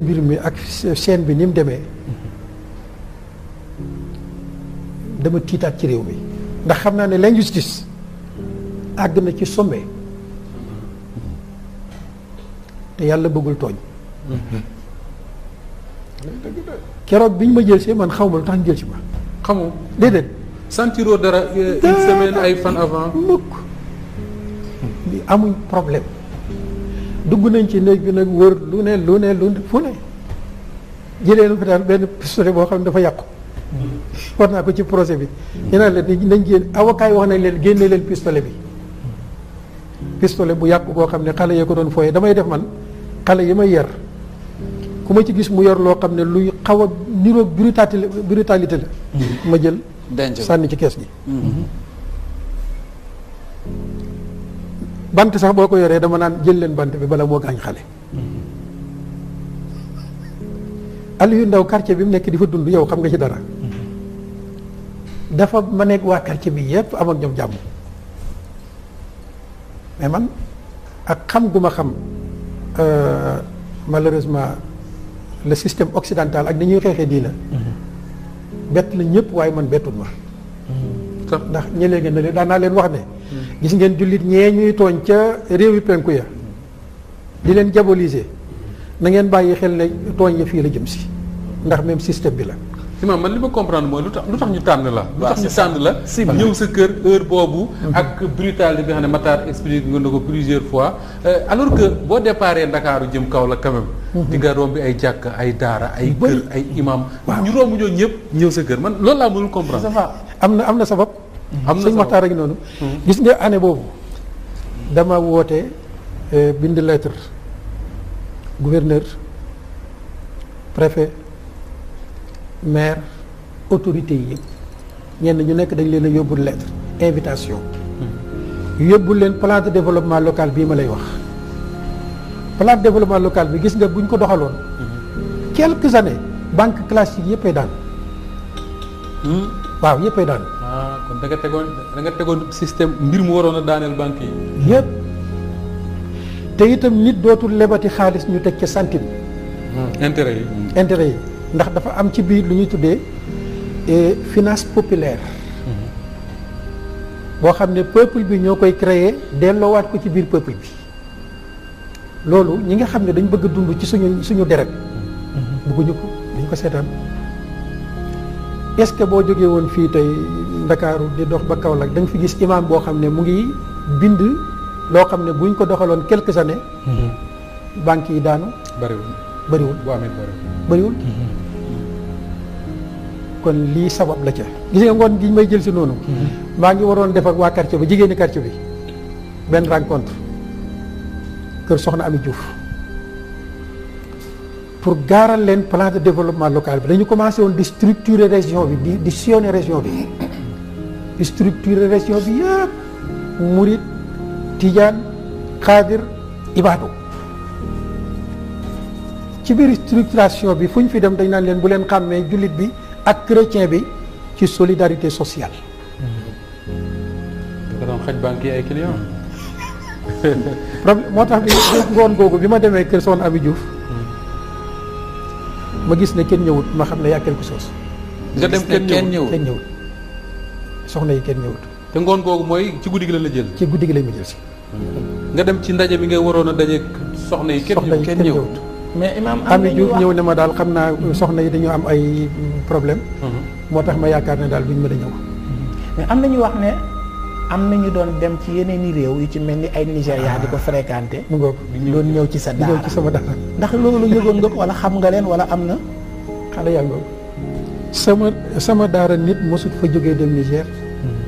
mbir mi ak chaîne bi ni mu demee dama tiitaat ci réew mi ndax xam naa ne l'injustice àgg na ci sommet te yàlla bëggul tooñ. keroog biñ ma jël see man xaw ma lu tax ñu jël ma. xamoo déedéet. sentiroo dara une euh, semaine ay fan avant. mukk amuñ problème. dugg nañ ci néeg bi nag wër lu nee lu nee lu ne fu ne jëlee lu fi daal benn pistolet boo xam ne dafa yàqu war naa ko ci projet bi ñu naan leen nañ génn avocat yi wax nañ leen génne leen pistolet bi pistolet bu yàqu boo xam ne xale yee ko doon fooy damay def man xale yi may yar ku ma ci gis mu yor loo xam ne luy xaw a niroog brutalité brutalité la hmm. ma jël sànni ci kees gi hmm. bant sax boo ko yoree dama naan jël leen bant bi bala moo gaañ xale yu Ndaw quartier bi mu nekk di fa dund yow xam nga ci dara dafa ma nekk waa quartier bi yépp am ak ñoom jàmm mais man ak xam gu ma xam euh, malheureusement le système occidental ak ni ñuy xeexee diina bett la ñëpp waaye man bettul ma mm-hmm. ndax ñelee nga ne leen daan leen wax ne gis ngeen jullit ñee ñuy tooñ ca réew yi penku ya di leen diaboliser na ngeen bàyyi xel ne tooñ ya fii la jëm si ndax même système bi la ma man li ma comprendre mooy lu tax lu tax ñu tànn la lu tax ñu tànn la ñëw sa kër heure boobu mm-hmm. ak brutalité bi nga xam ne Matar expliqué nga na ko plusieurs fois euh, alors que boo déparé Ndakaaru jëm kaw la quand même mm-hmm. romb ay jàkk ay daara ay kër ay imam ñu romb ñooñu ñëpp ñëw sa kër man loolu laa mënul comprendre am na am na sabab am na sëñ Maxtaar ak hmm. gis nga ane bobu dama woote eh, bind lettre gouverneur préfet maire autorité yi ñen ñu nek dañ leen a lettre invitation. Hmm. yóbbul leen plan de développement local bi ma lay wax plan de développement local bi gis nga buñ ko doxalon hmm. quelques années banque classique yëppay daan. waaw yëppay daan. kon da nga tegoon da nga tegoon système mbir mu waroon a daaneel banque yi. yëpp te itam nit dootul lebati xaalis ñu teg ca centime. Hmm. intérêt yi. intere yi ndax dafa am ci biir lu ñuy tuddee eh, finance populaire. Hmm. boo xam ne peuple bi ñoo koy créer delloowaat ko ci biir peuple bi loolu ñi nga xam ne dañ bëgg a dund ci suñu suñu deret hmm. bëgguñu ko dañ ko seetaan est-ce que boo jógee woon fii tey ndakaaru di dox ba Kaolack da nga fi gis imam boo xam ne mu ngi bind loo xam ne buñ ko doxaloon quelques années. Mhm. banques yi daanu. bariwul bëriwul bu amee bariwul mhm. kon lii sabab la ca. gis nga ngoon gi may jël si noonu. Mhm. maa ngi waroon def ak waa quartier bi jigéeni quartier bi benn rencontre kër Soxna Ami Diouf pour gaaral leen plan de développement local bi dañu commencé woon di structurer région bi di di sillonner région bi. structure région bi yëpp murit tijaan xaadir ibaadu ci biir structuration bi fu ñu fi dem dañ naan leen bu leen xàmmee jullit bi ak chrétien bi ci solidarité sociale da doon xaj moo tax bi ngoon googu bi ma demee kër Soxna Ami Diouf ma gis ne kenn ñëwut ma xam ne yaa quelque chose nga dem kenn ñëwut kenn ñëwut soxna yi kenn ñëwut. te ngoon googu mooy ci guddi gi la jël. ci guddi gi lañ ma jël si. nga dem ci ndaje mi ngay waroon a daje soxna yi. soxna yi kenn ñëwut mais imaam am Diouf ñëw ne ma daal xam naa soxna yi dañoo am ay problème mhm. moo tax ma yaakaar ne daal duñ mën a ñëw. mais am na ñu wax ne am na ñu doon dem ci yeneen i réew yu ci mel ni ay Nigéria di ko ah. fréquenté. mu ngoog doon ñëw ci sa daara ñëw ci sama daara. ndax loolu yëgoon nga ko wala xam nga leen wala am na. xale yaa ngoog sama sama daara nit mosut fa jógee dem Niger hmm.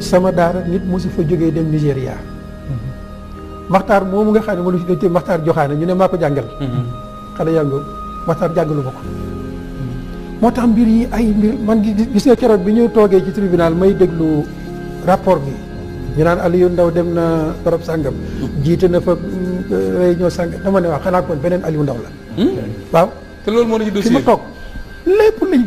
sama daara nit mosut fa jógee dem Nigéria hmm. maxtaar moomu nga xam ne mënu si te maxtaar joxaane ñu ne maa ko jàngal hmm. xale yàngu maxtaar jàngalu ma ko moo tax mbir yi ay mbir man gis nga keroog bi ñu toogee ci tribunal may déglu rapport bi ñu naan Aliou Ndaw dem na barab sàngam jiite na fa mm, réunion sàngam dama ne waa xanaa kon beneen Aliou Ndaw la waaw te loolu moo la dossier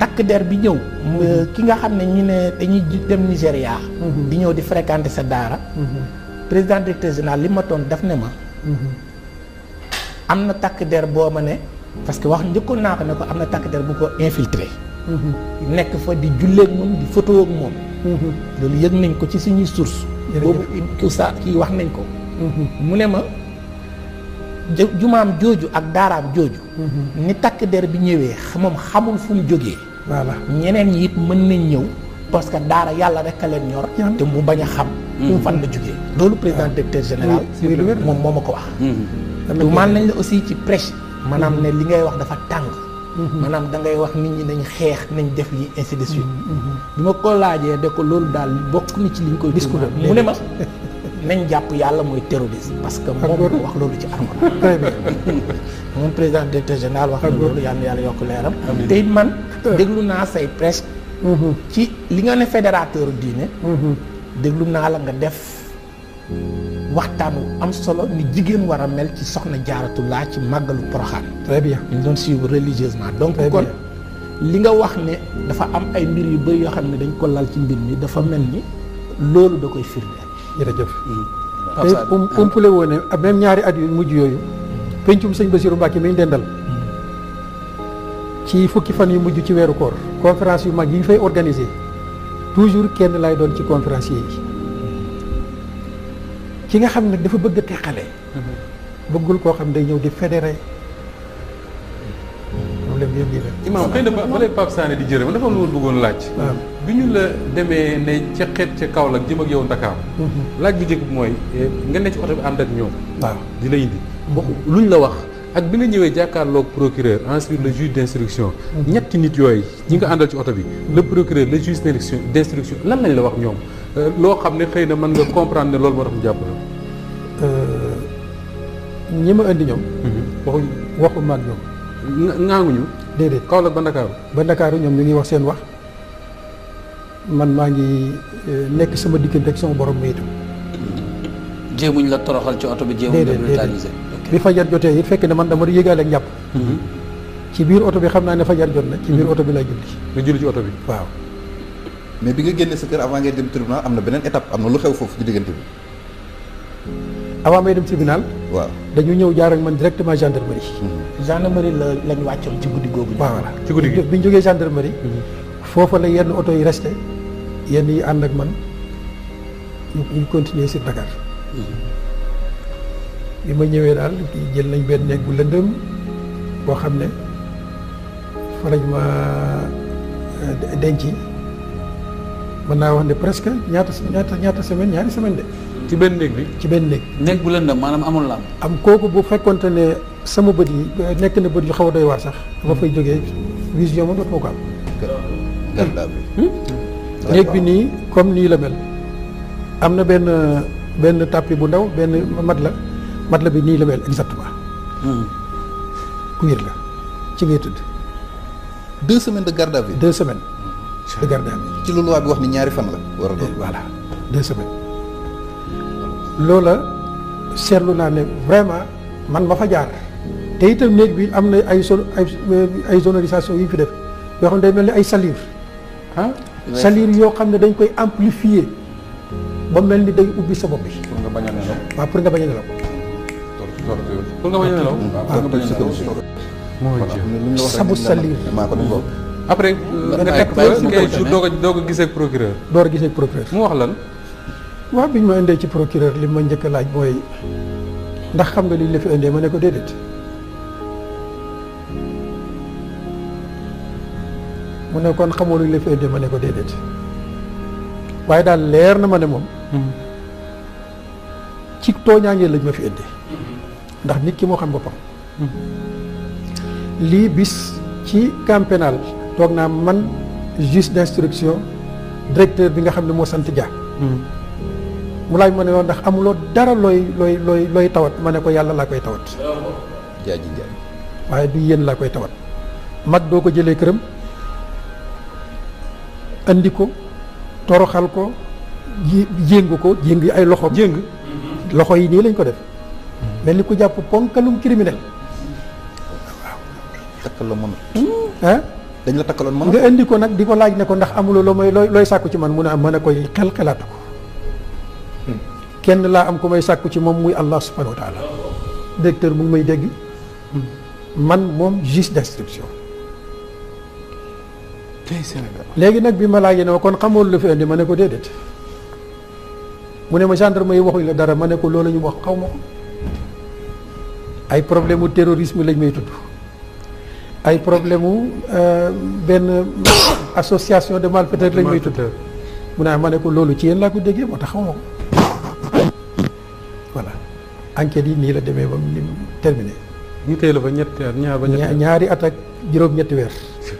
takk der bi ñëw. Mhm. Euh, ki nga xam ne ñu ne dañuy dem Nigéria. Mhm. di ñëw di fréquenter sa daara. Mhm. président directeur général li ma toon daf ne ma. am na takk der boo ma ne. parce que wax njëkkoon naa ko ne ko am na takk der bu ko infiltré. nekk fa di jullee ak di photo ak moom. loolu yëg nañ ko ci suñuy source boobu Kousa kii wax nañ ko. mu ne ma jumaam jooju ak daaraam jooju. ni takk der bi ñëwee moom xamul fu mu jógee. voilà ñeneen ñi it mën nañ ñëw parce que daara yàlla rek a leen ñor te mu bañ a xam mm-hmm. fan la jógee loolu président ah. directeur général moom moo ma ko wax mm-hmm. tuumaal nañ la aussi ci prêche maanaam mm-hmm. ne li ngay wax dafa tàng maanaam da ngay wax nit ñi nañ xeex nañ def yi ainsi de suite bi ma ko laajee de ko loolu daal bokk na ci liñ koy discours mu ne ma nañ japp yalla moy terroriste parce que moom wax lolu ci bien mon président directeur général wax lolu yalla yalla yok yokk leeram te man euh. deglu na say presse mm-hmm. ci li nga ne fédérateur diiné mm-hmm. deglu na la nga def waxtanu am solo ni jigen wara mel ci soxna jaratu la ci magalu poroxaan très bien ils doon suivre religieusement donc kon li nga wax ne dafa am ay mbir yu beuy yo xam dañ ko lal ci mbir mi dafa melni lolu da koy firnde jërëjëf tey hmm. umpule woo ne même ñaari at yu mujj yooyu pencum sëñ Basiru Mbàkke mi ñu dendal ci fukki fan yu mujj ci weeru koor conférence yu mag yi ñu fay organiser toujours kenn lay doon ci conférencier yi ki nga xam nag dafa bëgg a teqale hmm. bëggul koo xam day ñëw di fédéré problème yëpp yi la di jërëm dafa am lu woon bëggoon laaj bi ñu la demee ne ca xeet ca Kaolack jëm ak yow Ndakaar. Mhm. laaj bi njëkk mooy eh, nga ne ci oto bi ànd ak ñoom. waaw di la indi. lu mhm. luñ la wax ak bi nga ñëwee jàkkaarloog procureur ensuite le juge d' instruction. Mhm. ñetti nit yooyu ñi nga àndal ci oto bi. le procureur le juge d' instruction lan lañ la wax ñoom euh, loo xam ne xëy na mën nga comprendre ne loolu moo tax mu jàpp la. Euh, ñi ma indi ñoom. waxuñ waxu ma ak ñoom. ŋaanguñu. déedéet Kaolack ba Ndakaaru. ba Ndakaaru ñoom ñu ngi wax seen wax. man maa ngi eh, nekk sama diggante ak sama borom mi itam. jéemuñ la toroxal ci oto bi. jéemuñ la brutalisé bi fajar jotee yi fekk ne man dama yëgaale ak njàpp. Mhm. ci biir oto bi xam naa ne fajar jot na. ci biir mhm. oto bi laa julli. nga julli ci oto bi waaw. mais bi nga génnee sa kër avant ngay dem tribunal am na beneen étape am na lu xew foofu ci diggante bi. avant may dem tribunal. waaw dañu ñëw jaar ak man directement gendarmerie. Mhm. gendarmerie la lañ wàccoon ci guddi googu. voilà ci guddi gi bi ñu jógee gendarmerie. foofa la yenn oto yi resté yenn yi ànd ak man ñu continuer si Dakar mm-hmm. bi ma ñëwee daal jël nañ benn néeg bu lëndëm boo xam ne fa lañ ma euh, denc man naa wax ne presque ñaata ñaata ñaata semaine ñaari semaine de. ci benn néeg bi ci benn néeg. néeg bu lëndëm maanaam amul lamp. am kooku bu fekkonte ne sama bët yi nekk na bët yu xaw a doy waar sax. dafa mm-hmm. fay jógee vision ma dootuma ko am. Hmm? néeg bi nii comme nii la mel am na benn benn tapis bu ndaw benn mat la mat la bi nii la mel exactement cuir hmm. la ci ngay tëdd de garde à de garde à vue ci lu loi bi wax ni ñaari fan la war a doon voilà deux semaines loola seetlu naa ne vraiment man ma fa jaar te itam néeg bi am na ay sol ay sonorisation yu yi fi def yoo xam ne day mel ni ay salive ah salir yoo xam ne dañ koy amplifier ba mel ni day ubbi sa bopp bi. pour nga bañ a nelaw waaw pour nga bañ a nelaw. pour nga bañ a nelaw. waaw ah, pour nga bañ a nelaw. sabu salir. après nga euh, teg ko doog a doog a gisee ak procureur. door a gisee ak procureur. mu wax lan. waaw bi ñu ma indee ci procureur li ma njëkk laaj mooy ndax xam nga lii ñu la fi indee ma ne ko déedéet. mu ne kon xamoo luñ la fi indi ma ne ko déedéet waaye daal leer na ma ne moom ci tooñaangee lañ ma fi indi ndax nit ki moo xam boppam lii bis ci camp pénal toog naa man juge d'instruction directeur bi nga xam ne moo sant Dia mu laaj ma ne loolu ndax amuloo dara looy looy looy looy tawat ma ne ko yàlla laa koy tawat jaaji waaye du yéen laa koy tawat mag doo ko jëlee këram andi ko toroxal ko jeng ko jeng, ay loxo jeng loxo yi ni lañ ko def melni ku japp ponkalum criminel takkaloon mënut hmm? hein dañ la takkaloon mënut nga andi ko nak diko laaj ne ko ndax amul lo may loy sakku ci man muna man ko kalkalat koy ko kenn la am ko may sàkku ci mom muy allah subhanahu wa taala directeur mu ngi may deg hmm. man mom juste d'instruction léegi nag bi ma laajee ne ma kon xamoon lu fi indi ma ne ko déedéet mu ne ma gendarme yi waxuñ la dara ma ne ko loolu ñu wax xaw ma ko ay problème mu terrorisme lañ may tudd ay problème mu euh, benn association de malfaiteurs lañ may tudd mu ne ma ne ko loolu ci yéen laa ko déggee moo tax xaw ma ko voilà enquête yi nii la demee ba mu ñu teel a ba ñetti at ñaari at ak juróom-ñetti weer.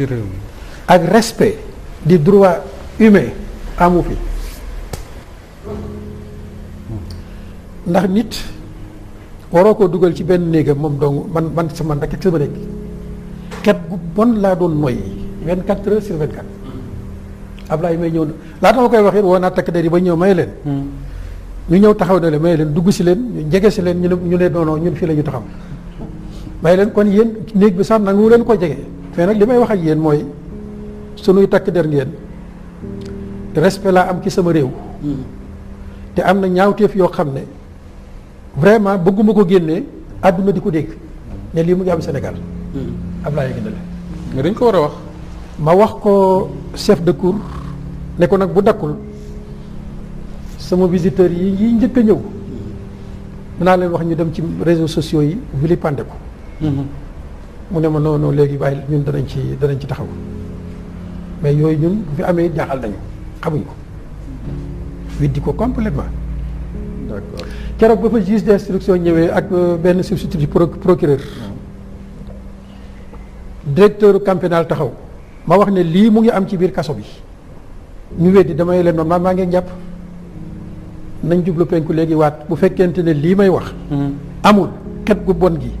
réew mi ak respect di droit humain amu fi ndax nit waroo koo dugal ci benn néegam moom dong man man sa man rek sama nekk ket gu bon laa doon noyyi vingt quatre heures sur vingt quatre Ablaye may ñëw laata ma koy wax it woo naa takk der yi ba ñëw may leen hmm. ñu ñëw taxaw ne leen leen dugg si leen ñu jege si leen ñu ne ñu ne non non ñun fii la ñu taxaw may leen kon yéen néeg bi sax nangu leen ko jege mais nag li may wax ak yéen mooy sunuy takk der ngeen respect laa am ci sama réew te am na ñaawteef yoo xam ne vraiment bëgguma ko génne àdduna di ko dégg ne lii mu ngi am Sénégal Abdoulaye Guèye mais dañ ko war a wax ma wax ko chef de cour ne ko nag bu dakkul sama visiteurs yi yi njëkk a ñëw dinaa leen wax ñu dem ci réseau sociaux yi vilipande ko mhm. mu ne ma non non léegi waaye ñun danañ ci danañ ci taxaw mais yooyu ñun bu fi amee jaaxal nañu xamuñ ko di ko completement keroog ba fa juge d'instruction ñëwee ak euh, benn substitut du procureur directeur camp taxaw ma wax ne lii mu ngi am ci biir kaso bi ñu yi damay leen noonu maa maa ngi jàpp nañ jublu penku léegi waat bu fekkente ne lii may wax hmm. amul xet gu bon gi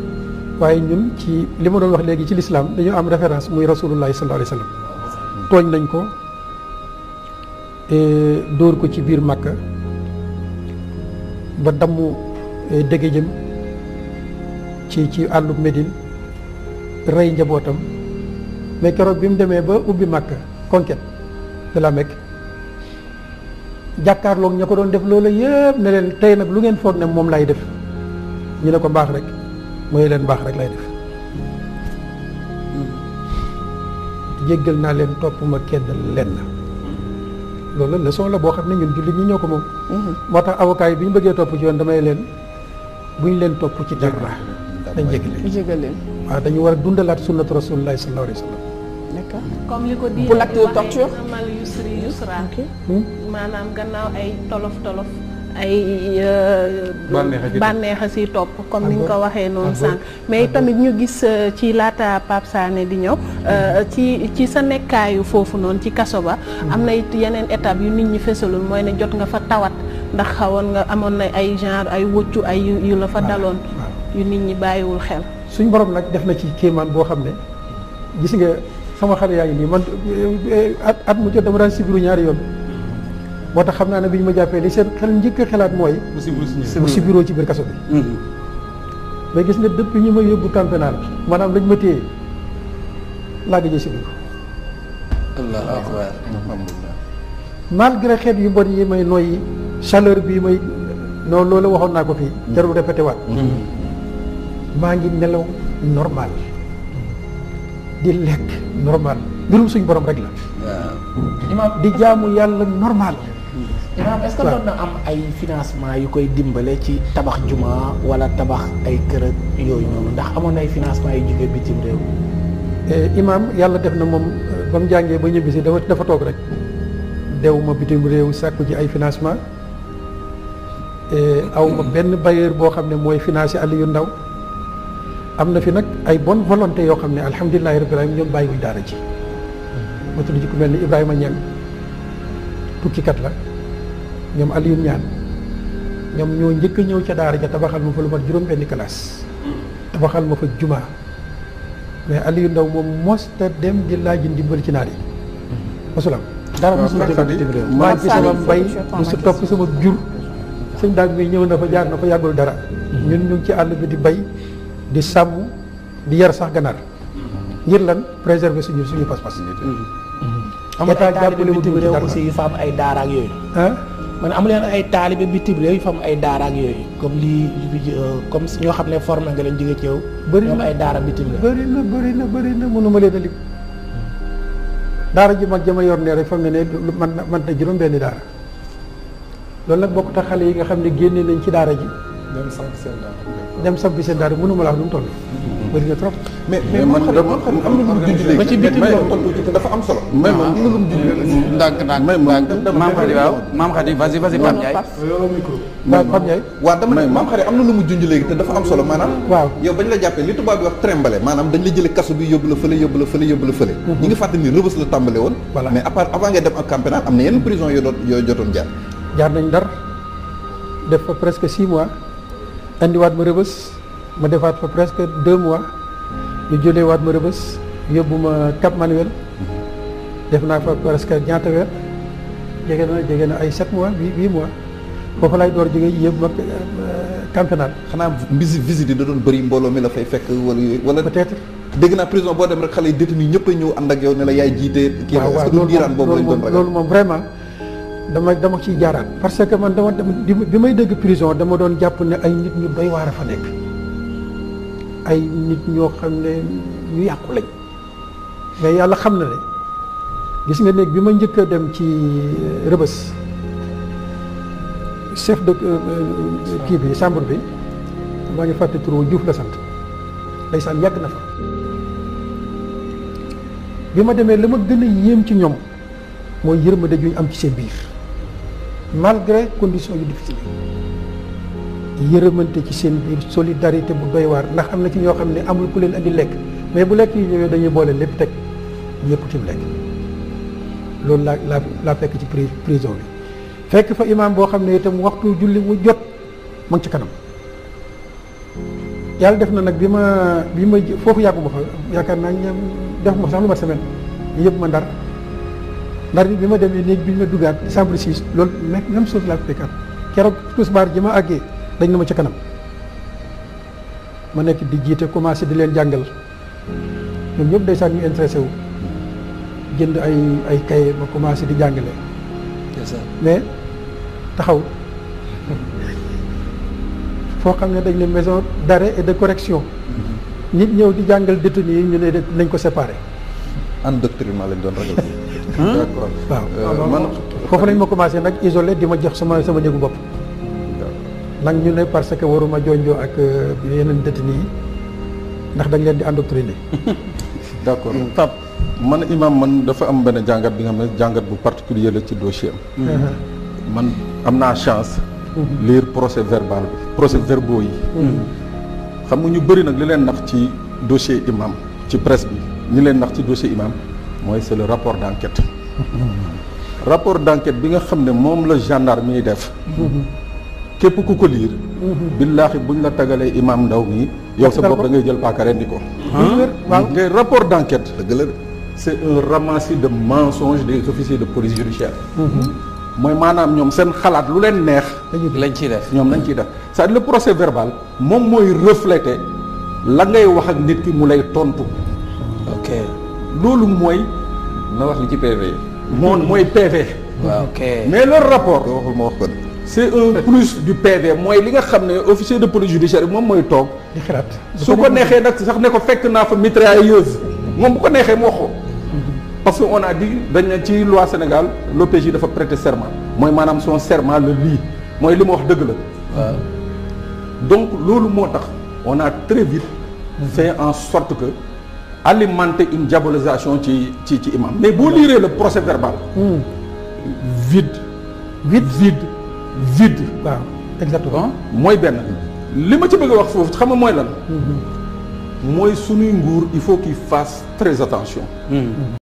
waaye ñun ci li ma doon wax léegi ci lislaam dañoo am référence muy rasulullahi sallallahu alayhi wa tooñ nañ ko e, dóor ko ci biir màkka ba dammu e, dégéjëm ci ci àllub Médine rey njabootam mais keroog bi mu demee ba ubbi màkka conquête de la Mecque jàkkaarloog ña ko doon def loolu yëpp ne tey nag lu ngeen foog ne moom lay def ñu ne ko mbaax rek mooy len bax rek lay def djegal na len topp ma keddal leen na loolu leçon la bo xamne ñun julli ñi ñoko mom motax avocat yi bi bëgge bëggee ci yoon damay len bu len leen ci dara dañ djegal len djegal len wa dañu wara dundalat sunnat rasulullah sallallahu alaihi wasallam sallam comme li ko di pour l'acte de torture maanaam gannaaw ay tolof tolof ay euh, bànneexa si topp comme ni nga ko waxee noonu sànq mais tamit ñu gis euh, ci laata Pape Sané di ñëw euh, mm-hmm. ci ci sa nekkaayu foofu noonu ci kaso ba mm-hmm. am na it yeneen étape yu nit ñi fesalul mooy ne jot nga fa tawat ndax xawoon nga amoon na ay genre ay wëccu ay yu la fa daloon yu nit ñi bàyyiwul xel suñ borom nag def na ci kéemaan boo xam ne gis nga sama xale yaa ngi nii man at mu jot dama daan sibiru ñaari yoon moo tax xam naa ne bi ñu ma jàppee li seen xel njëkk a xalaat mooy. mu si bureau ci biir kaso bi. Mm-hmm. mais gis nga depuis ñu ma yóbbu camp pénal maanaam lañ ma téye laa gëj a xeet yu bon yi may noyyi chaleur bi may noonu loolu waxoon naa ko fii. Mm-hmm. jarul répété waat. Mm-hmm. maa ngi nelaw normal. di lekk normal mbirum suñ borom rek la. di jaamu yàlla normal. imam est ce que doon na am ay financement yu koy dimbale ci tabax juma wala tabax ay kër yooyu noonu ndax amoon ay financement yu jógee bitim réew eh, imam yàlla def na moom eh, ba mu jàngee ba ñibbisi dafa dafa toog rek dew bitim réew sàkku ci ay financement eh, aw ma benn bailleur boo xam ne mooy financé Aliou Ndaw am fi nag ay bonne volonté yoo xam ne rabbil alamin ñoom bàyyiwuñ daara ci hmm. ma tudd ci ku mel ni Ibrahima Niang tukkikat la ñom Aliou ñaan ñom ñoo ñëk ñëw ci daara ja tabaxal mu fa lu mat juroom benn classe tabaxal ma fa juma mais Aliou Ndaw moom mosta dem di laaj ndimbal ci naar yi mosulam dara mosul jëm bitim réew maa ci sama bay mu su topp sama jur señ daag mi ñëw na fa jaar na fa yagul dara mhm. ñun ñu ci àll bi di bay di sàmm di yar sax ganar ngir lan préserver suñu suñu pas-pas mhm. état jàppale wutu ci dara aussi yu fa am ay daara ak yooyu man amul yeen ay taalibe bitim réew fam ay daara ak yoy comme lii comme ñoo xamné ne nga leen jóge ci yow bari na ay daara bitim réew bari na bari na bari na mënuma leen a lim daara ji mag jama yor ne rek fam ne man man ta juroom benn daara lool nak bokku ta xalé yi nga xamné génné nañ ci daara ji dem samp sen daara dem bi sen daara ma la wax lu tollu bëri na trop mais mais man xam am lu mu ba ci biti loolu dafa am solo mais man lu mu junj ndànk ndànk mais man xadi waaw maam xadi vas y vas y Pape Ndiaye yow micro waaw Pape Ndiaye waaw dama ne maam xadi am lu mu junj léegi te dafa am solo maanaam waaw yow bañ la jàppee li tubaab bi wax trembale maanaam dañ la jële kaso bi yóbbu la fële yóbbu la fële ñi la mais avant dem ak am na prison jaar jaar nañ dar def presque mois ma ma defaat fa presque deux mois ñu jëlee waat ma rëbës yóbbu ma cap manuel def naa fa presque ñaata weer jege na jege na ay sept mois huit huit mois foofu laay door jóge yëpp ma euh, campionat xanaa mbisi visite yi da doon bëri mbooloo mi la fay fekk wala yooyu wala peut être dégg naa prison boo dem rek xale yi détenu ñëpp a ñëw ànd ak yow ne la yaay jiite kii waaw que loolu diiraan boobu lañ doon ragal loolu moom vraiment dama dama ci jaaraat parce que man dama bi may dégg prison dama doon jàpp ne ay nit ñu bay waar fa nekk ay nit ñoo xam ne ñu yàqu lañ mais yàlla xam na ne gis nga néeg bi ma njëkk a dem ci euh, rëbës chef de euh, euh, kii bi chambre bi maa ngi fàtte tur Diouf la sant ndeysaan yàgg na fa bi ma demee la ma gën a yéem ci ñoom mooy yërmande ju ñu am ci seen biir malgré condition yu difficile yërëmante ci seen biir solidarité bu doy waar ndax am na ci ñoo xam ne amul ku leen andi lekk mais bu lekk yi ñëwee dañuy boole lépp teg ñëpp tim lekk loolu la la la fekk ci prison bi fekk fa imam boo xam ne itam waxtu julli mu jot mu ci kanam yàlla def na nag bi ma bi ma foofu yàggu ma fa yaakaar naa ñam def ma sax lu semaine ñu yëpp ma ndar ndar bi bi ma demee néeg bi ma dugaat chambre 6 loolu même chose la fekkaat keroog tusbaar ji ma àggee dañ na ma ca kanam ma nekk di jiite commencé di leen jàngal ñoom ñëpp day sax ñu intéressé wu jënd ay ay kaye ma commencé di jàngale mais taxaw foo xam ne dañ ne maison d'arrêt et de correction nit ñëw di jàngal détenu yi ñu ne nañ ko séparé endoctrinement lañ doon ragal d'accord waaw euh, man foofu lañ ma commencé nag isolé di ma jox sama sama néegu bopp nak ñu né parce que waruma jonjoo ak euh, yenen detini ndax dañ leen di endoctriner d'accord accord man imam man dafa am ben jangat bi nga xamné jangat bu particulier la ci dossier uh-huh. man amna naa chance uh-huh. lire procès verbal bi procès verbaux yi uh-huh. xam nga ñu bari nak li leen nax ci dossier imam ci presse bi ñi leen nax ci dossier imam moy c'est le rapport d'enquête enquête rapport d'enquête bi nga xamné mom la gendarme yi def képp ku ko liir. Mhm. billahi buñ la tagalé imam ndaw mi yow sa bop da ngay jël paaka rendi ko. Ah. waaw ngay rapport d'enquête enquête. dëgg c'est un ramassis de mensonges des officiers de police judiciaire. moy mhm. manam ñom sen xalaat lu len neex. lañ ciy def ñom lañ ciy def cest le procès verbal mom moy refléter la ngay wax ak nit ki mu lay tontu. ok lolu moy na wax li ci PV. moom moy PV. ok mais le rapport. waxul ma wax ko c'est un plus du PV Moi, je nga officier de police judiciaire moi, moi toog. di xalaat su ko neexee nag sax ne ko fekk naa fa mitrailleuse moom bu ko neexee parce qu'on a dit dans la loi Sénégal l'OPJ doit prêter serment je suis son serment le lit. Moi, li suis wax dëgg la. donc loolu on a très vite. fait en sorte que alimenter une diabolisation ci ci mais vous lirez le procès verbal. Hmm. vide. vide vide vide. waaw exactement hein? Moi benn. li ma ci bëgg a wax moi xam Moi, mooy lan. Mhm. mooy sunuy il faut qu'il fasse très attention. Mhm.